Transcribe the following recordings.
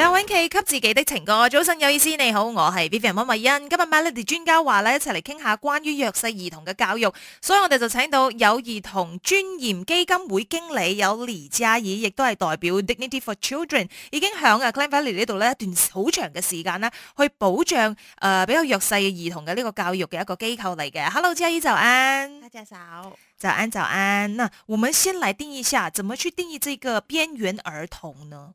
梁詠琪給自己的情歌，早晨，有意思，你好，我係 Vivian 麥慧欣，今日 Melody 專家話咧，一齊嚟傾下關於弱勢兒童嘅教育，所以我哋就請到有兒童尊嚴基金會經理有李家怡，亦都係代表 Dignity for Children，已經響啊 Klang Valley 呢度咧，一段好長嘅時間啦，去保障誒、呃、比較弱勢嘅兒童嘅呢個教育嘅一個機構嚟嘅。Hello，家怡就安，一隻手就安就安。那我們先嚟定義一下，怎麼去定義這個邊緣兒童呢？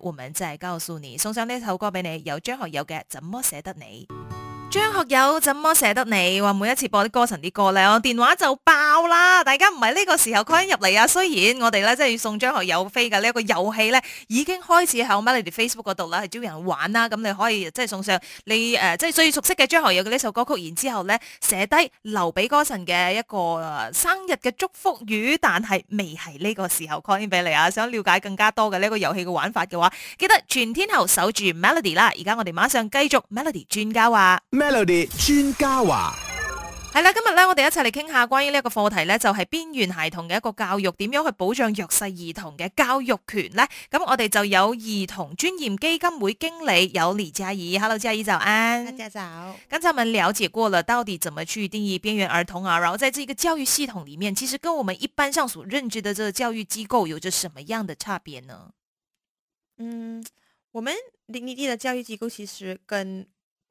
我們再告訴你，送上呢首歌俾你，有張學友嘅《怎麼捨得你》。張學友怎麼捨得你？話每一次播啲歌神啲歌咧，我電話就爆啦！大家唔係呢個時候 call in 入嚟啊！雖然我哋咧真係要送張學友飛㗎，這個、遊戲，呢個遊戲咧已經開始喺 Melody Facebook 嗰度啦，係招人玩啦、啊。咁你可以即係送上你誒，即、呃、係最熟悉嘅張學友嘅呢首歌曲，然之後咧寫低留俾歌神嘅一個生日嘅祝福語，但係未係呢個時候 call in 俾你啊！想了解更加多嘅呢、這個遊戲嘅玩法嘅話，記得全天候守住 Melody 啦！而家我哋馬上繼續 Melody 專家啊！Melody 專家話：係 啦樂，今日咧，我哋一齊嚟傾下關於呢一個課題咧，就係邊緣孩童嘅一個教育，點樣去保障弱勢兒童嘅教育權咧？咁我哋就有兒童尊嚴基金會經理有李家怡，Hello，家怡早安，大家早。剛才我們了解過了？到底怎麼去定義邊緣兒童啊？然後，在這個教育系統裏面，其實跟我們一般上所認知的這個教育機構有着什麼樣的差別呢？嗯，我們林尼地的教育機構其實跟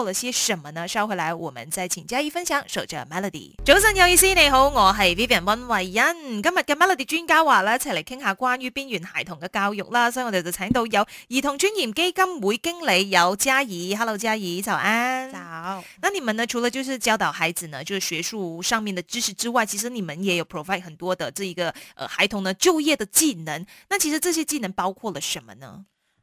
做了些什麼呢？稍回來，我們再請家怡分享。守着 Melody，早晨有意思，你好，我係 Vivian 溫慧欣。今日嘅 Melody 專家話啦，來來一齊嚟傾下關於邊緣孩童嘅教育啦。所以我哋就請到有兒童尊嚴基金會經理有家怡。Hello，家怡，早安。早。那你們呢？除了就是教導孩子呢，就是學術上面的知識之外，其實你們也有 provide 很多的這一個，呃，孩童呢就業的技能。那其實這些技能包括了什麼呢？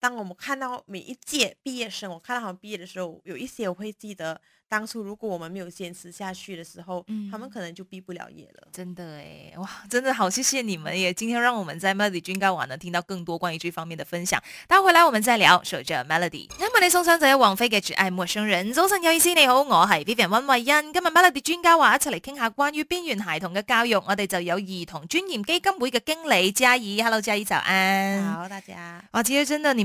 當我們看到每一屆畢業生，我看到他們畢業的時候，有一些我會記得，當初如果我們沒有堅持下去的時候，嗯、他們可能就畢不了業了。真的哎，哇，真的好，謝謝你們耶！今天讓我們在 Melody 專家話能聽到更多關於這方面的分享。待會回來我們再聊，守着 Melody。今日你送上第一王菲嘅《只愛陌生人》。早晨有意思你好，我係 Vivian 溫慧欣，今日 Melody 專家話一齊嚟傾下關於邊緣孩童嘅教育，我哋就有兒童尊嚴基金會嘅經理家怡。Hello，家怡早安。好，大家。哇我其實真的……你。